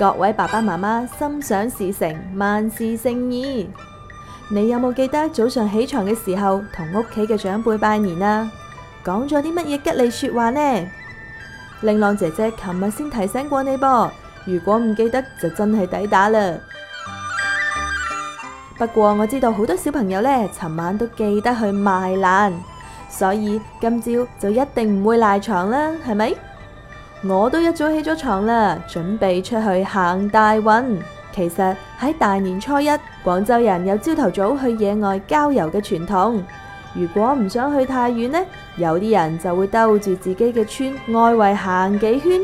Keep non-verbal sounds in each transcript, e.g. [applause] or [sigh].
各位爸爸媽媽心想事成，萬事勝意。你有冇記得早上起床嘅時候同屋企嘅長輩拜年啊？講咗啲乜嘢吉利說話呢？玲瓏姐姐琴日先提醒過你噃，如果唔記得就真係抵打啦。 [music] 不過我知道好多小朋友呢，尋晚都記得去賣懶，所以今朝就一定唔會賴床啦，係咪？我都一早起咗床啦，準備出去行大運。其實喺大年初一，廣州人有朝頭早去野外郊遊嘅傳統。如果唔想去太遠呢，有啲人就會兜住自己嘅村外圍行幾圈，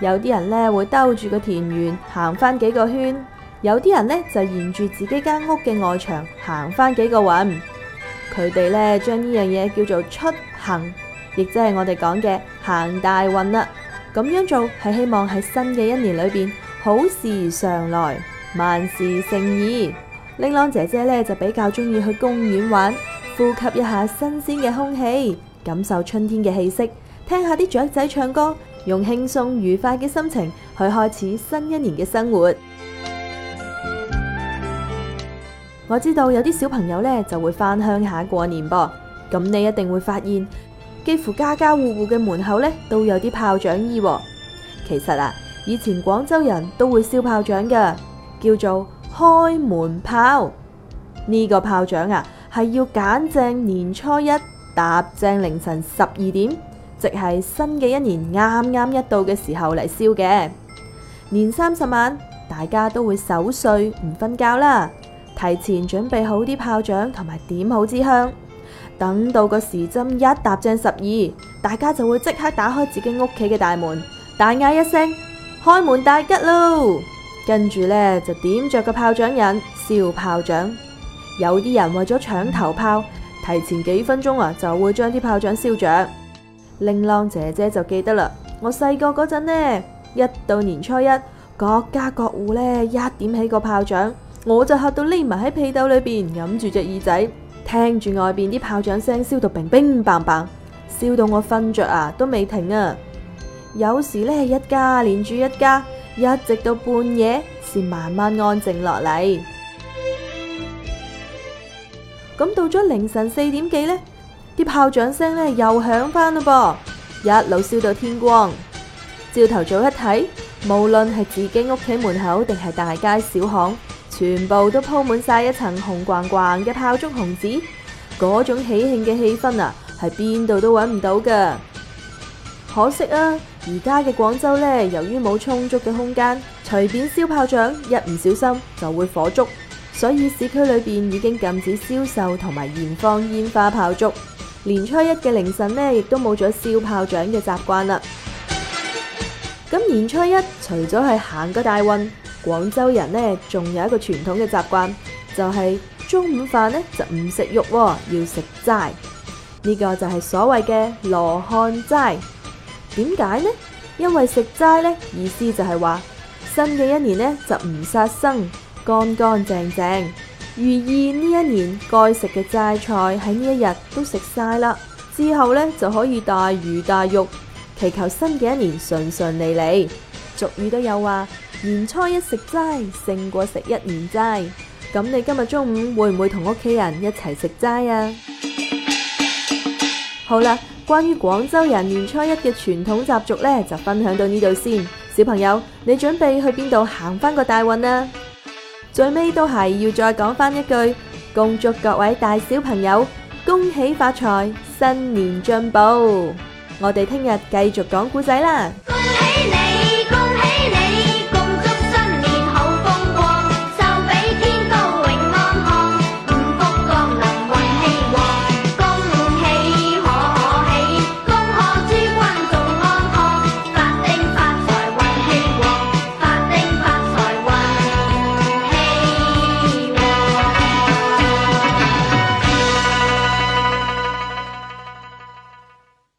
有啲人呢會兜住個田園行翻幾個圈，有啲人呢就沿住自己間屋嘅外牆行翻幾個運。佢哋呢將呢樣嘢叫做出行，亦即係我哋講嘅行大運啦。咁樣做係希望喺新嘅一年裏邊好事常來，萬事勝意。玲瓏姐姐咧就比較中意去公園玩，呼吸一下新鮮嘅空氣，感受春天嘅氣息，聽下啲雀仔唱歌，用輕鬆愉快嘅心情去開始新一年嘅生活。 [music] 我知道有啲小朋友咧就會返鄉下過年噃，咁你一定會發現。幾乎家家戶戶嘅門口呢都有啲炮仗衣、哦。其實啊，以前廣州人都會燒炮仗噶，叫做開門炮。呢個炮仗啊，係要揀正年初一，搭正凌晨十二點，即係新嘅一年啱啱一到嘅時候嚟燒嘅。年三十晚，大家都會守歲唔瞓覺啦，提前準備好啲炮仗同埋點好支香。等到個時針一踏正十二，大家就會即刻打開自己屋企嘅大門，大嗌一聲開門大吉咯！跟住呢，就點着個炮仗人，燒炮仗。有啲人為咗搶頭炮，提前幾分鐘啊就會將啲炮仗燒着。令郎姐姐就記得啦，我細個嗰陣呢，一到年初一，各家各戶呢一點起個炮仗，我就嚇到匿埋喺被竇裏邊，掩住隻耳仔。聽住外邊啲炮仗聲，燒到乒乒乓乓，燒到我瞓着啊都未停啊！有時咧一家連住一家，一直到半夜先慢慢安靜落嚟。咁到咗凌晨四點幾咧，啲炮仗聲咧又響翻啦噃，一路燒到天光。朝頭早一睇，無論係自己屋企門口定係大街小巷。全部都鋪滿晒一層紅逛逛嘅炮竹紅紙，嗰種喜慶嘅氣氛啊，係邊度都揾唔到噶。可惜啊，而家嘅廣州呢，由於冇充足嘅空間，隨便燒炮仗，一唔小心就會火燭，所以市區裏邊已經禁止銷售同埋燃放煙花炮竹。年初一嘅凌晨呢，亦都冇咗燒炮仗嘅習慣啦。咁年初一除咗係行個大運。廣州人呢，仲有一個傳統嘅習慣，就係、是、中午飯呢，就唔食肉喎，要食齋。呢、這個就係所謂嘅羅漢齋。點解呢？因為食齋呢，意思就係話，新嘅一年呢，就唔殺生，乾乾淨淨，寓意呢一年該食嘅齋菜喺呢一日都食晒啦，之後呢就可以大魚大肉，祈求新嘅一年順順利利。俗語都有話、啊。年初一食齋勝過食一年齋，咁你今日中午會唔會同屋企人一齊食齋啊？ [music] 好啦，關於廣州人年初一嘅傳統習俗呢，就分享到呢度先。小朋友，你準備去邊度行翻個大運啊？最尾都係要再講翻一句，恭祝各位大小朋友恭喜發財，新年進步。我哋聽日繼續講故仔啦。 [music]